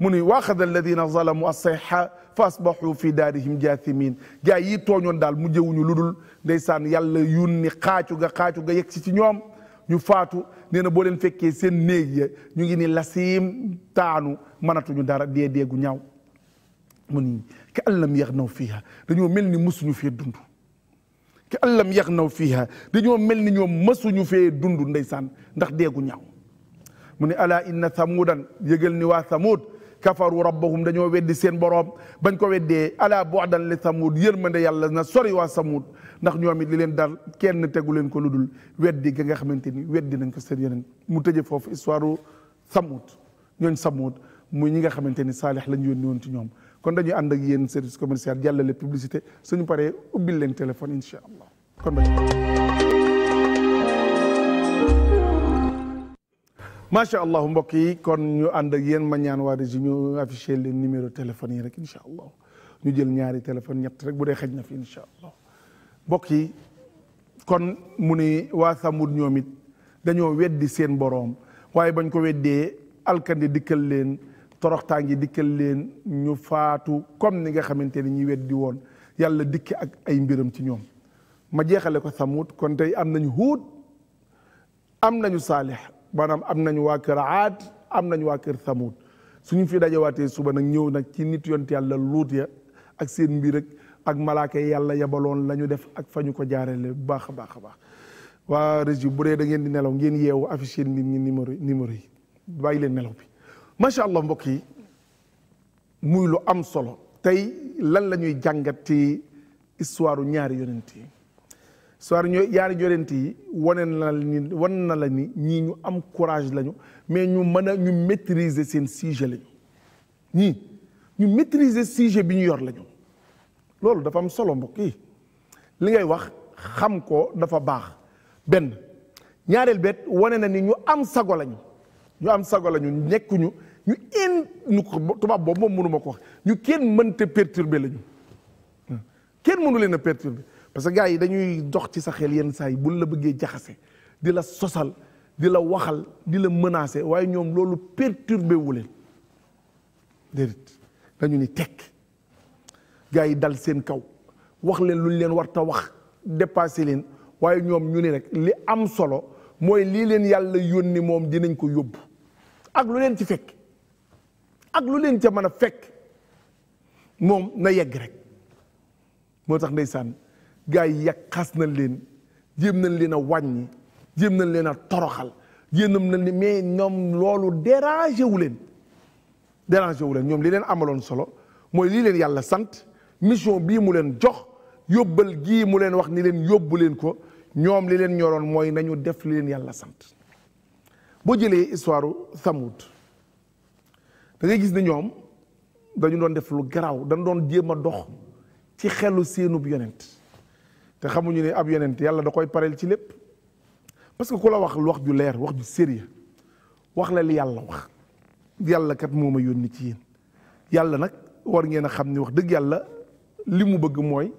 mu ni wa axada alladina zalamu assayha fa asbahu fi daarihim jaathimin gaa yi tooñoon daal mujjewuñu lu dul ndeysaan yàlla yunni xaacu ga xaacu ga yegg si ci ñoom ñu faatu nee na boo leen fekkee seen néeg ñu ngi ni lasiim taanu mënatuñu dara dee dee gu ñaaw mu ni ka allam yax naw fiiha dañoo mel ni mësuñu fee dund ka allam yax naw fiiha dañoo mel ni ñoom mësuñu fee dund ndeysaan ndax dee gu ñaaw mu ne ala inna samudan yëgal ni waa samud kafaru rabbahum dañoo weddi seen boroom bañ ko weddee ala bu'dan li ma ne yàlla na sori waa samud ndax ñoom it li leen dal kenn tegu leen ko lu dul weddi ga nga xamante ni weddi nañ ko seen yeneen mu tëje foofu histoire samud ñooñ samud muy ñi nga xamante ni saalix lañu yoon ni woon ci ñoom kon dañuy ànd ak yéen service commercial jàllale publicité suñu paree ubbil leen téléphone incha allah kon macha allah mbokk yi kon ñu ànd ak yéen ma ñaan waa Régis ñu affiché leen numéro téléphone yi rek incha allah ñu jël ñaari téléphone ñett rek bu dee xëj na fi incha allah mbokk yi kon mu ni waa Samud ñoom it dañoo weddi seen boroom waaye bañ ko weddee alkande dikkal leen toroxtaan gi dikkal leen ñu faatu comme ni nga xamante ni ñuy weddi woon yàlla dikk ak ay mbiram ci ñoom ma jeexale ko Samud kon tey am nañu Huud am nañu Saalix maanaam am nañu waa kër aad am nañu waa kër samuud suñu fi waatee suba nag ñëw nag ci nit yonte yàlla luut ya ak seen mbir ak malaaka yàlla yabaloon la ñu def ak fa ñu ko jaarale bu baax a baax a baax waa régi bu dee da ngeen di nelaw ngeen yeewu affiché nit ñi numéro numéro yi bàyyi leen nelaw bi macha allah mbokk yi muy lu am solo tey lan la ñuy jàngat ci histoire ñaari yonent yi soir ñoo yaari jorente yi waneen na la ni wan na la ni ñii ñu am courage lañu mais ñu mën a ñu maîtriser seen sujet lañu ñii ñu maîtriser sujet bi ñu yor lañu loolu dafa am solo mbokk li ngay wax xam ko dafa baax benn ñaareel beet wane na ni ñu am sago lañu ñu am sago lañu nekkuñu ñu in ñu tubaab boobu moom mënuma ko wax ñu kenn mënta perturber lañu hmm. kenn mënu leen a perturber parce que gars yi dañuy dox ci sa xel yenn saa yi bul la bëggee jaxase di la sosal di la waxal di la menacer waaye ñoom loolu perturbé wu leen déedéet dañu ni tekk gars yi dal seen kaw wax leen lu leen war ta wax dépassé leen waaye ñoom ñu ni rek li am solo mooy lii leen yàlla yónni moom dinañ ko yóbbu ak lu leen ci fekk ak lu leen ca mën a fekk moom na yegg rek moo tax ndeysaan gars yi yàq xas nañ leen jéem nañ leen a wàññi jéem nañ leen a toroxal jéem nañ leen mais ñoom loolu dérangé wu leen dérangé wu leen ñoom li leen amaloon solo mooy lii leen yàlla sant mission bii mu leen jox yóbbal gii mu leen wax ni leen yóbbu leen ko ñoom li leen ñoroon mooy nañu def li leen yàlla sant boo jëlee histoire Thamud da ngay gis ne ñoom dañu doon def lu garaaw dañu doon jéem a dox ci xelu seenub yonent xamuñu ne ab yonent yàlla da koy pareel ci lépp parce que ku la wax wax ju leer wax ju sérieux wax la li yàlla wax yàlla kat moo ma yónni ci yéen yàlla nag war ngeen a xam ni wax dëgg yàlla li mu bëgg mooy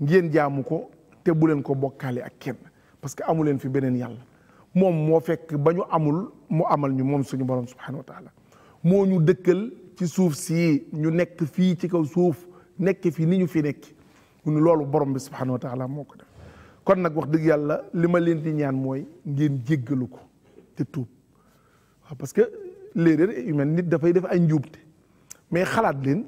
ngeen jaamu ko te bu leen ko bokkaale ak kenn parce que amu leen fi beneen yàlla moom moo fekk ba ñu amul mu amal ñu moom suñu borom subhanahu wa moo ñu dëkkal ci suuf si ñu nekk fii ci kaw suuf nekk fi ni ñu fi nekk mu ni loolu borom bi subhanahu wa taala moo ko def kon nag wax dëgg yàlla li ma leen di ñaan mooy ngeen jéggalu ko te tuub waaw parce que l'erreur humaine nit dafay def ay njuubte mais xalaat leen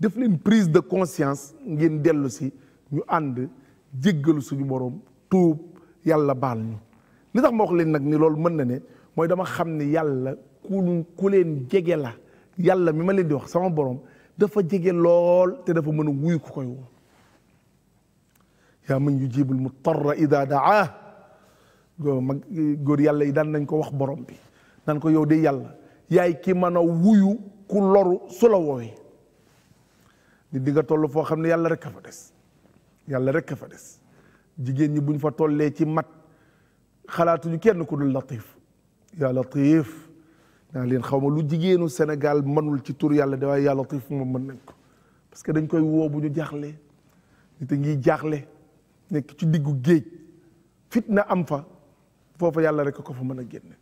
def leen prise de conscience ngeen dellu si ñu ànd jéggalu suñu borom tuub yàlla baal ñu li tax ma wax leen nag ni loolu mën na ne mooy dama xam ne yàlla ku ku leen jege la yàlla mi ma leen di wax sama borom dafa jege lool te dafa mën a wuyu ko koy woo yaa man yujibul mutarra ida daa góor mag góor daan nañ ko wax borom bi nan ko yow de yàlla yaay kii mën a wuyu ku loru su la ni di nga toll foo xam ne yàlla rek a fa des yàlla rek a fa des jigéen ñi buñ fa tollee ci mat xalaatuñu kenn ku dul latif yaa latif naa leen xaw ma lu jigéenu senegal mënul ci tur yàlla de waaye yaa latif moom mën nañ ko parce que dañ koy woo bu ñu jaaxlee nit a jaaxle nekk ci diggu géej fitna am fa foofu yàlla rekk ko fa mën a génne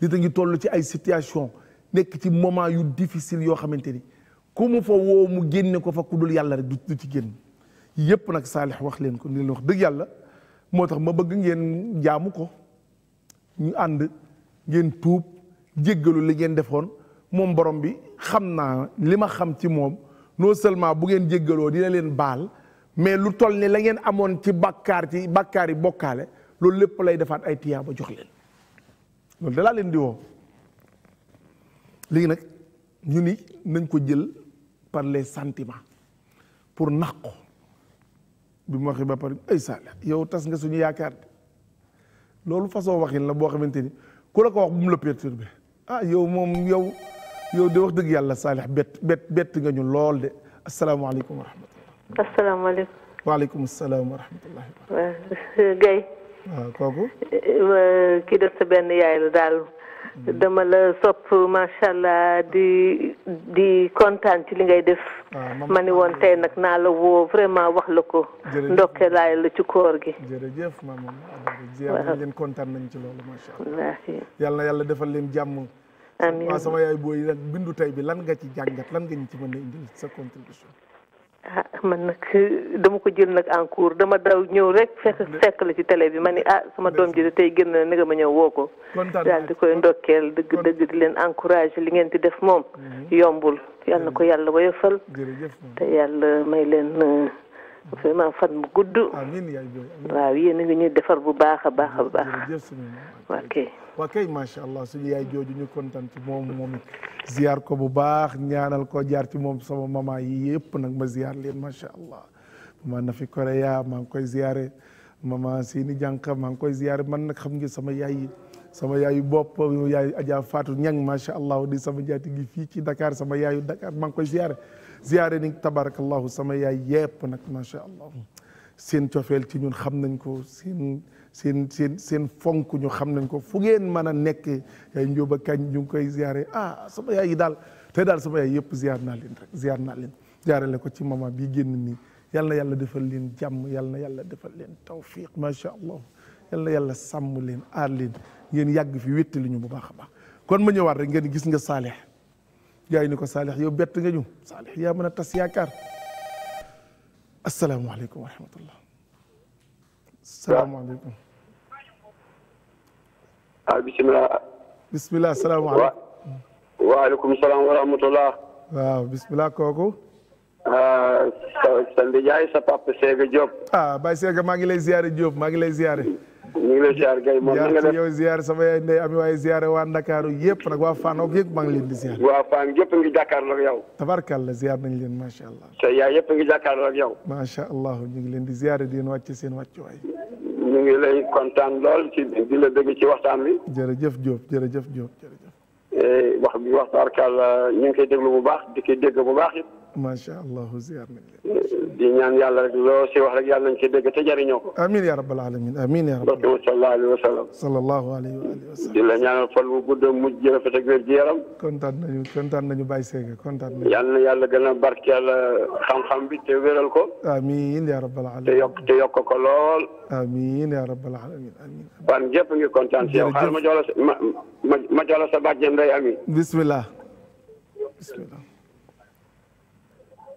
nit a ngi toll ci ay situation nekk ci moment yu difficile yoo xamante ni ku mu fa woo mu génne ko fa ku dul yàlla rek du ci génn yépp nag saalix wax leen ko ni leen wax dëgg yàlla moo tax ma bëgg ngeen jaamu ko ñu ànd ngeen tuub jéggalu li ngeen defoon moom borom bi xam naa li ma xam ci moom non seulement bu ngeen jéggaloo dina leen baal mais lu toll ni la ngeen amoon ci bàkkaar ci bàkkaar yi bokkaale loolu lépp lay defaat ay tiyaaba jox leen loolu dalaa leen di woo léegi nag ñu ni nañ ko jël par les sentiments pour nax ko bi mu waxee ba pare ay saala yow tas nga suñu yaakaar de loolu façon waxin la boo xamante ni ku la ko wax bu mu la perturbé ah yow moom yow yow de wax dëgg yàlla saalix bett bett nga ñu lool de asalaamaaleykum wa rahmatullah asalaamaaleykum. waaleykum salaam wa rahmatulah. Gaye. waaw kooku. kii def sa benn yaay la daal. Hmm. dama la sopp macha allah di di kontaan ci li ngay def. Ah, ma ni woon tey nag naa la woo vraiment wax la ko. ndokke laay la ci koor gi. jërëjëf maman Adama leen kontaan nañ ci loolu macha allah. yàlla na yàlla defal leen jàmm. amiin waaw sama yaay booy nag bindu tey bi lan nga ci jàngat lan nga ñu ci mën a indil sa contribution. ah man nag dama ko jël nag en dama daw ñëw rek fekk fekk la ci télé bi ma ni ah sama doom ji de tey génn na ma ñëw woo ko. daal di koy ndokkeel dëgg dëgg di leen encouragé li ngeen di def moom. Mhm. yombul yal na ko mhm. yàlla woyofal. te yàlla may leen euh, mhm. vraiment fan mu gudd. waaw yéen a ngi ñuy defar bu baax a baax a baax. ok. waa kay macha allah suñu yaay jooju ñu kontaan ci moom moom it ziar ko bu baax ñaanal ko jaar ci moom sama mama yi yëpp nag ma ziar leen macha allah mama Nafi Korea maa ngi koy ziare mama Sini Jànka maa ngi koy ziare man nag xam nga sama yaay sama yaayu bopp yaayu Adja Fatou Niang macha allah di sama jaati gi fii ci Dakar sama yaayu Dakar maa ngi koy ziare ziare ni tabarakallahu sama yaay yëpp nag macha allah seen cofeel ci ñun xam nañ ko seen. seen seen seen fonk ñu xam nañ ko fu ngeen mën a nekk yaay njóoba kañ ñu koy ziare ah sama yaay yi daal te daal sama yaay yëpp ziar naa leen rek ziar naa leen jaarale ko ci mama bi génn nii yal na yàlla defal leen jàmm yal na yàlla defal leen tawfiq macha allah yal na yàlla sàmm leen aar leen ngeen yàgg fi wéttali ñu bu baax a baax kon ma ñëwaat rek ngeen gis nga Salih jaay ni ko Salih yow bett nga ñu Salih yaa mën a tas yaakaar asalaamaaleykum wa ah bisimilah. bisimilah salaamaaleykum. waaleykum salaam wa rahmatulah. waaw bisimilah kooku. Ah, sa sa sa papa Sega Diop. ah Sega maa ngi lay ziare Diop maa ngi lay ziare. ñu ngi lay ziare Guèye moom na nga def yow ziare sama yaay waa Ndakaaru yëpp nag waa Fane ak yëpp maa ngi leen di ziare. waa Fane yëpp ngi jàkkaarloo ak yow. tabarkalla ziare nañ allah. sa yaay yëpp ngi jàkkaarloo ak yow. macha allah ñu ngi leen di ziare di leen wàcc seen wàccuwaay. ngi lay kontaan lool ci di la dégg ci waxtaan bi. jërëjëf Diop jërëjëf Diop jërëjëf. Eh, wax bi waxtaan kàlla ñu ngi koy déglu bu baax di koy dégg bu baax it. macha allah ziar nañ leen. di rek loo si wax rek yàlla nañ si dégg te jëriñoo ko. amiin yaa rabbal alamin amiin yaa rabbal alamin. sallallahu alayhi na sallam. sallallahu alayhi wa la yàlla gën a barkeel uh, xam-xam bi te wéral ko. amiin yaa rabbal alamin. te yokk te yokk ko lool. amiin yaa rabbal alamin amiin. fan ngi kontaan si yow xaaral ma jox la sa ma ma jox amin. bismillah.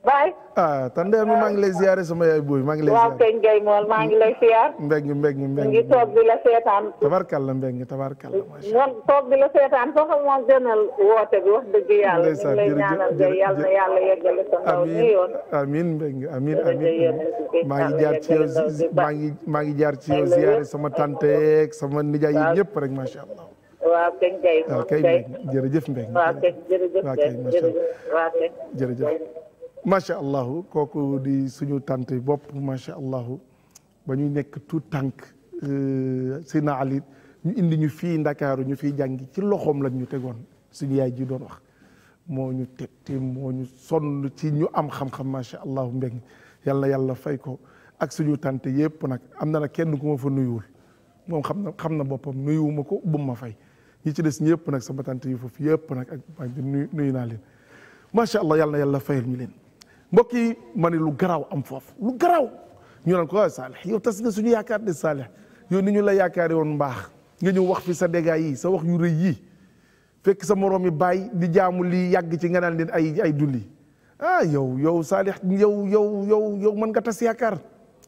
Baye. ah tante maa ngi lay ziare sama yaay booy maa ngi lay. ziare waaw Kën Gueye ngi lay ziar. mbég mi mbég mi ngi toog la seetaan. tabarkalla mbég mi tabarkalla macha allah. toog di seetaan sax moo gënal ngi lay ñaanal Gueye yàlla na yàlla yeggale sa ndaw nii yoon. amiin mbég mi amiin amiin maa ngi jaar ngi maa ngi jaar ci yow ziare sama tante sama nijaay yi ñëpp rek macha allah. waaw Kën Gueye ah, moom kay jërëjëf mbég mi. waaw macha allah kooku di suñu tante bopp macha allah ba ñu nekk tout tànk euh, Sina Ali ñu indi ñu fii Ndakaaru ñu fi jàngi ci loxoom lañ ñu tegoon suñu yaay ji doon wax moo ñu tiim moo ñu sonn ci ñu am xam-xam macha allah mbeng yàlla yàlla fay ko ak suñu tante yëpp nag am na na kenn ku ma fa nuyuwul moom xam na xam na boppam nuyuwuma ko bu ma fay ñi ci des ñëpp nag sama tante yu foofu yëpp nag ak nuyu naa leen macha allah yàlla na yàlla fayal ñu leen. mbokk yi ma ne lu garaaw am foofu lu garaaw ñu naan ko waaye ah, Salih yow tas nga suñu yaakaar de Salih yow ni ñu la yaakaare woon mbaax nga ñëw wax fi sa dégâts yi sa wax yu rëy yi fekk sa moroom yi baay di jaamu lii yàgg ci nga naan leen ay ay dulli ah yow yow Salih yow yow yow yow mën nga tas yaakaar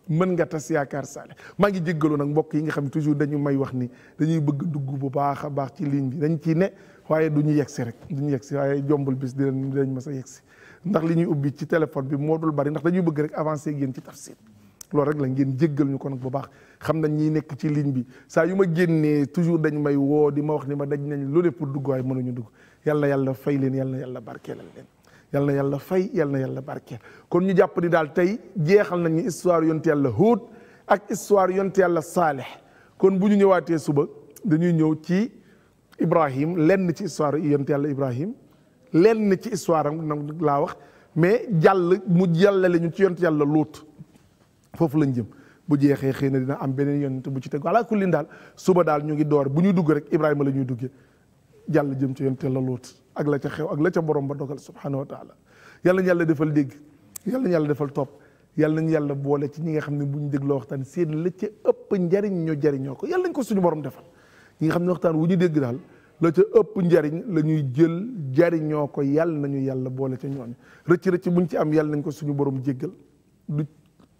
mën nga tas yaakaar Salih maa ngi jéggalu nag mbokk yi nga xam toujours dañu may wax ni dañuy bëgg dugg bu baax a baax ci ligne bi dañ ciy ne waaye du ñu yegsi rek du ñu yegsi waaye jombul bis dinañ dinañ mas a yegsi ndax li ñuy ubbi ci téléphone bi moo dul bari ndax dañuy bëgg rek avancer yéen ci tafsir loolu rek la ngeen jéggal ñu ko nag bu baax xam nañ ñi nekk ci ligne bi saa yu ma génnee toujours dañ may woo di ma wax ni ma dañ nañ lu pour dugg waaye mënuñu dugg yàlla yàlla fay leen yàlla yàlla barkeelal leen yàlla yàlla fay yàlla yàlla barkeel kon ñu jàpp ni daal tey jeexal nañu histoire yonte yàlla Huud ak histoire yonte yàlla Saalih kon bu ñu ñëwaatee suba dañuy ñëw ci Ibrahim lenn ci histoire yonte yàlla Ibrahim lenn na ci histoire am nag laa wax mais jàll mu jàllale ñu ci yont yàlla luut foofu lañ jëm bu jeexee xëy na dina am beneen yonent bu ci teg wala kullin daal suba daal ñu ngi door bu ñuy dugg rek Ibrahima la ñuy duggee jàll jëm ci yonent yàlla luut ak la ca xew ak la ca borom ba dogal subhanahu wa taala yàlla ñu yàlla defal dégg yàlla ñu yàlla defal topp yàlla nañu yàlla boole ci ñi nga xam ne bu ñu dégloo waxtaan seen la ca ëpp njariñ ñu jariñoo ko yàlla nañ ko suñu borom defal ñi nga xam ne waxtaan wu ñu dégg daal la ca ëpp njariñ la ñuy jël jariñoo ko yal nañu yàlla boole ca ñooñu rëcc rëcc buñ ci am yàlla nañ ko suñu borom jéggal du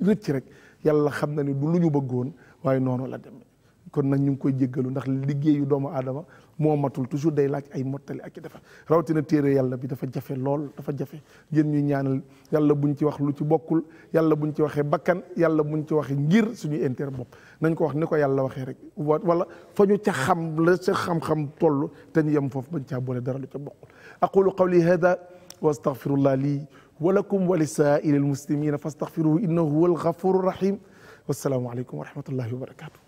rëcc rek yàlla xam na ni du lu ñu bëggoon waaye noonu la demee kon nag ñu ngi koy jéggalu ndax liggéeyu doomu aadama moo matul toujours day laaj ay mottali ak i defar rawatina téere yàlla bi dafa jafe lool dafa jafe yéen ñuy ñaanal yàlla buñ ci wax lu ci bokkul yàlla buñ ci waxee bakkan yàlla buñ ci waxee ngir suñu intérêt bopp nañ ko wax ni ko yàlla waxee rek wala fa ñu ca xam la ca xam-xam toll te ñu yem foofu bañ caa dara lu ca bokkul aqulu qawli hada wa astaghfirullah lii wa lakum wa li saa'iri almuslimina fa astaghfiruhu innahu huwa alghafuru rahim wassalaamu aleykum wa rahmatullahi wa barakatuh